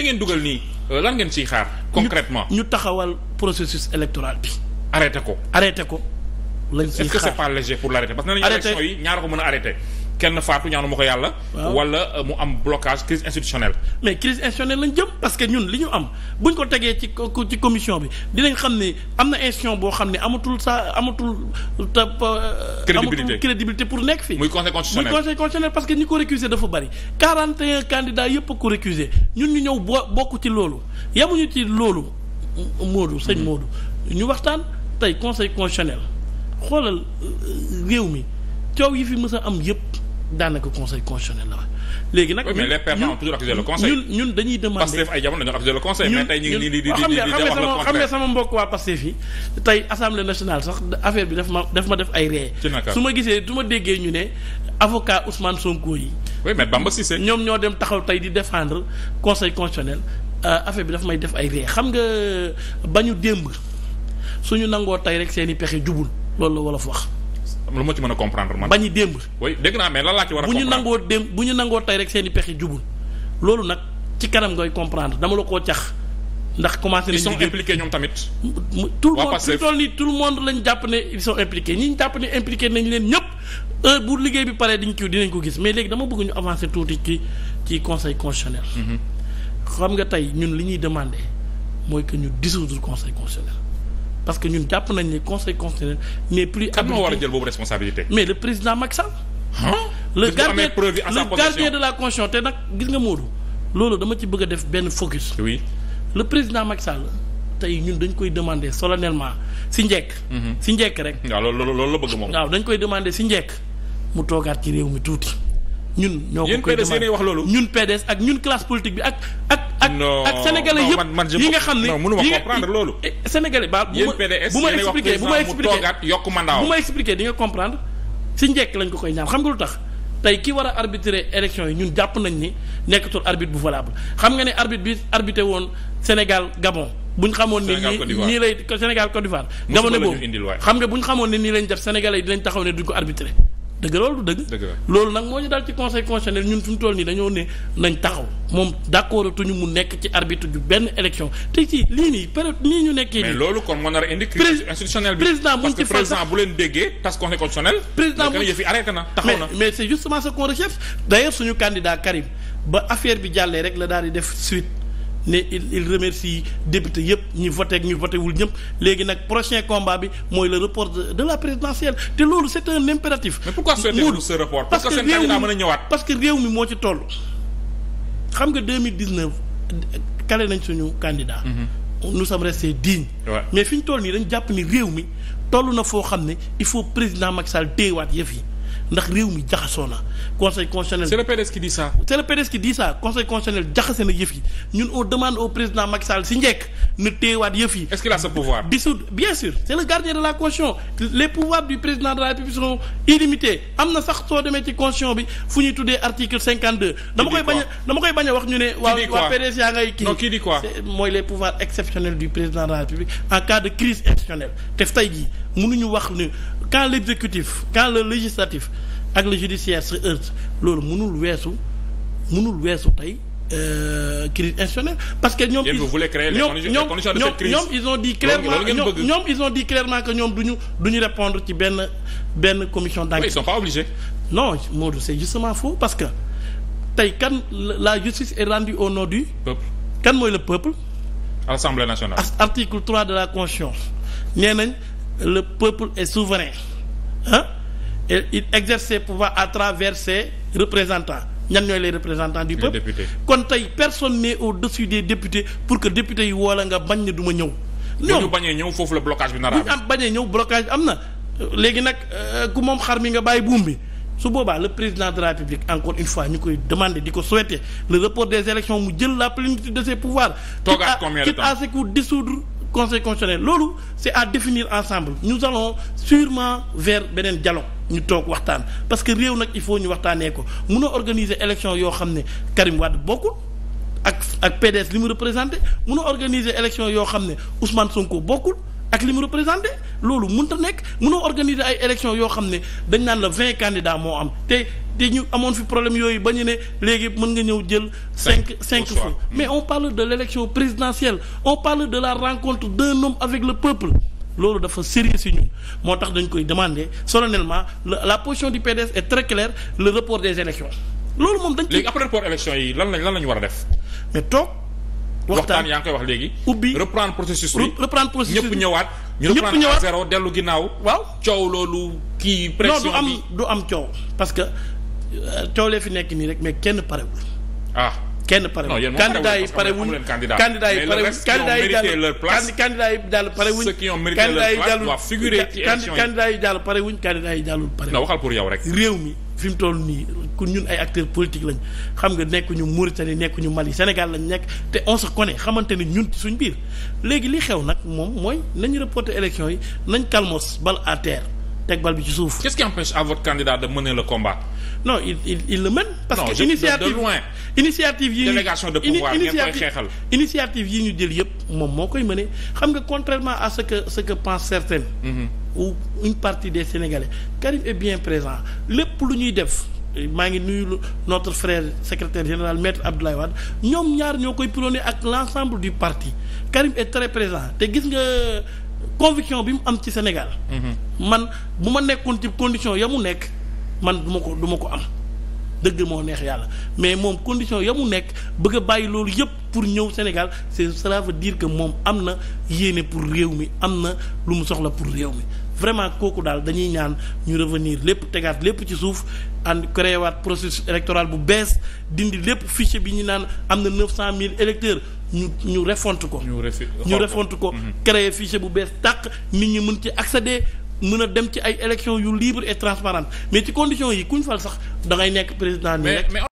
li ngeen dugal nii euh, lan ngeen ciy xaar. concrètement ñu taxawal processus électoral bi. arrêté ko arrêté ko. lañ ciy xaar est-ce pas léger pour l'arrêter parce que nee nañu élection yi ñaar ko mën a arrêté. kenn faatu ñaanu ma ko yàlla. wala euh, mu am blocage crise institutionnelle. mais crise institutionnelle lañ jëm parce que ñun li ñu am buñ ko tegee ci ci commission bi dinañ xam ne am na institution boo xam ne amatul sa amatul. Euh, crédibilité amatul crédibilité pour nekk fi. muy conseil constitutionnel muy conseil constitutionnel parce que ñi ko récusé dafa bari. 41 candidats yëpp a ko récusé ñun ñu ñëw bo bokk ci loolu yamuñu ci loolu. Moodu sëñ mm-hmm. Moodu ñu waxtaan tey conseil constitutionnel xoolal euh, réew mi coow yi fi mës a am yëpp. daanaka conseil constitutionnel la wax léegi nag. mais le conseil. ñun ñun dañuy demander Pastef ay jamono dañoo accusé le conseil. mais tey ñu ngi nii di di di di wax le contraire xam nga sama mbokk waa Pastef yi tey assemblée nationale sax affaire bi daf ma daf ma def ay ree su ma gisee su ma déggee ñu ne avocat Ousmane Sonko yi. oui mais Bamba Cissé. ñoom ñoo dem taxaw tey di défendre conseil constitutionnel euh, affaire bi dafa may def ay ree xam nga euh, ba ñu démb suñu nangoo tey rek seen i pexe jubul loolu la wolof wax. lu ma ci mën a comprendre man. bañi démb. oui dégg a. ñu nangoo démb bu ñu nangoo tey rek seen i pexe jubul loolu nag ci kanam ngay comprendre dama la koo cax. ndax commencé nañu ils sont ñoom tamit. tout le monde fi monde lañ jàpp ne ils sont impliqués ñi ñu jàpp ne impliqué nañ leen ñëpp heure bu liggéey bi paree diñ kiw dinañ ko gis mais léegi dama bëgg ñu avancer tuuti ci ci conseil constitutionnel. Mhm. xam nga tey ñun li ñuy demander mooy que ñu dissoudre conseil constitutionnel. parce que ñun jàpp nañ ni conseil constitutionnel n'est plus. kan moo war a jël boobu responsabilité. mais le président Macky Sall. le gardien le gardien de la constitution te nag gis nga Modou. loolu dama ci bëgg a def benn focus. oui le président Macky Sall tey ñun dañ koy demander solennellement si njekk mhm. si njekk rek. waaw loolu loolu la bëgg moom. waaw dañ koy demander si njekk mu toogaat ci réew mi tuuti. ñun ñoo ko koy demander ñun wax loolu. ñun PDS ak ñun classe politique bi ak ak. ak ak sénégalais yëpp yi nga xam ne non mënuma comprendre loolu. Eh, sénégalais ba bu ma bu ma expliquer bu ma expliquer dinga nga comprendre si njekk lañ ko koy ñaan xam nga lu tax tey ki war a arbitrer élection yi ñun jàpp nañ ni nekkatul arbitre bu valable xam nga ne arbitre bi arbitré woon Sénégal Gabon. bu ñu xamoon ne nii nii lay Sénégal Côte d'Ivoire. Gabon boobu xam nga bu xamoon ne nii lañ def sénégalais yi dinañ taxaw ne duñ ko arbitrer dëgg loolu du dëgg. loolu nag moo ñu daal ci conseil constitutionnel ñun fi mu toll nii dañoo ne nañ taxaw moom d' accord mu nekk ci arbitre ju benn élection te ci lii nii période nii ñu nekkee. mais loolu kon moo nar a indi. crise président bu ci parce bu leen déggee tas conseil constitutionnel. président mu yëf yi arrêté na taxaw na mais c' justement ce qu' on suñu candidat Karim ba affaire bi jàllee rek la daal di def suite. ne il il remercie député yëpp ñu voté ak ñi voté wul ñëpp léegi nag prochain combat bi mooy la report de la présidentielle te loolu c'est un impératif. mais pourquoi souhaitez-vous ce report parce que réew mi parce que réew mi moo ci toll. xam nga 2019 kale nañ suñu candidat. Mm-hmm. nous sommes restés dignes. mais fi ñu toll nii dañ jàpp ni réew mi toll na foo xam ne il faut président Macky Sall téyewaat yëf yi. ndax réew mi jaxasoo na conseil constitutionnel. c'est le PDS qui dit ça. c'est le PDS qui dit ça conseil jaxase na yëf yi ñun on demande au président Macky Sall si njëkk na teewaat yëf yi. est-ce qu'il a ce pouvoir. dissoudre bien sûr c'est le gardien de la constitution les pouvoirs du président de la république sont illimités am na sax soo demee ci constitution bi fu ñuy tuddee article cinquante deux. dama koy bañ a dama koy bañ a wax ñu ne. waa waa PDS yaa ngay kii. non kii di quoi mooy les pouvoirs exceptionnels du président de la république en cas de crise exceptionnelle te tey jii mënuñu wax ne quand l'exécutif quand le législatif ak le judiciaire se heurtent loolu mënul weesu mënul weesu tey. crise euh, institutionnelle parce que ñoom ñoom ñoom ils ont dit clairement ñoom ils ont dit clairement que ñoom duñu duñu répondre ci benn benn commission d'enquête ils sont pas obligés non Modou c'est justement faux parce que tey kan la justice est rendue au nom du peuple kan mooy le peuple à l'Assemblée nationale article 3 de la Constitution nee nañ le peuple est souverain ah et il exerce ses pouvoirs à travers ses représentants ñan ñooy les représentants du peuple kon tey personne n'est au-dessus des pour que députés yi woo la nga bañ ne duma ma ñëw ñoom bu ñu bañee ñëw foofu la blocage bi nar a am bu ñëw blocage am na léegi nag euh, ku moom xar mi nga bàyyi buum bi su boobaa le président de la République encore une fois ñu koy demander di ko souhaiter le report des élections mu jël la plénitude de ses pouvoirs toogaat combien de temps quitte à ce que dissoudre conseil constitutionnel loolu c'est à définir ensemble nous allons sûrement vers beneen dialogue ñu toog waxtaan parce que réew nag il faut ñu waxtaanee ko mun a élection yoo xam ne Karim Wade bokkul ak ak PDS li mu représenté mun a organiser élection yoo xam ne Ousmane Sonko bokkul ak li mu représenté loolu mun ta nekk munoo a ay élection yoo xam ne dañ naan la vingt candidats moo am te te ñu amoon fi problème yooyu ba ñu ne léegi mën nga ñëw jël cinq cinq fois mais on parle de l' élection présidentielle on parle de la rencontre d'un homme avec le peuple loolu dafa sérieux si ñun moo tax dañ koy demander solennellement la position du PDS est très claire le report des élections loolu moom dañ. léegi après report élections yi lan lañ lan lañu war a def. mais toog. waxtaan yaa ngi koy wax léegi. ubbi reprendre processus bi reprendre processus ñëpp ñëwaat. ñu reprendre à zéro dellu ginnaaw. waaw coow loolu kii. pression yi du am du am coow. parce que euh, coow lee fi nekk nii rek mais kenn parewul ah. kenn pare wu candidat yi pare wuñ candidat yi pare candidat yi jàll candidat yi jàll pare wuñ candidat yi jàllul candidat yi jàll pare wuñ candidat yi jàllul pare waxal réew mi fi toll nii ku ñun ay acteurs politiques lañ xam nga nekkuñu Mauritanie nekkuñu Mali Sénégal lañ nekk te on se connaît ne ñun suñ biir léegi li xew nag moom mooy nañu reporter élection yi nañ kalmos bal à terre teg bal bi ci suuf qu'est-ce qui empêche à votre non il il il le mène. parce non, que initiative de, de loin. initiative yi ñu de pouvoir ngeen xeexal initiative yi ñu jël yëpp moom moo koy mëne xam nga contrairement à ce que ce que pensent certains. Mm -hmm. ou une partie des sénégalais Karim est bien présent lépp lu ñuy def. maa ngi nuyu notre frère secrétaire général maître Abdoulaye Wade ñoom ñaar ñoo koy proner ak l'ensemble du parti Karim est très présent te gis nga conviction bi mu am ci Sénégal. Mhm. man bu nekkoon ci condition mu nekk. man du ma ko duma ko am dëgg moo neex yàlla mais moom condition yow mu nekk bëgg bàyyi loolu yëpp pour ñëw Sénégal c'est cela veut dire que moom am na yéene pour réew mi am na lu mu soxla pour réew mi vraiment kooku daal dañuy ñaan ñu revenir lépp tegaat lépp ci suuf and créé waat processus électoral bu bees dindi lépp fichier bi ñu naan am na neuf cent mille électeurs ñu ñu refonte ko ñu refonte ko mhm. créé fichier bu bees tàq nit ñi mën ci accéder mën a dem ci ay élections yu libre et transparente mais ci conditions yi kuñ fal sax nekk président nii rek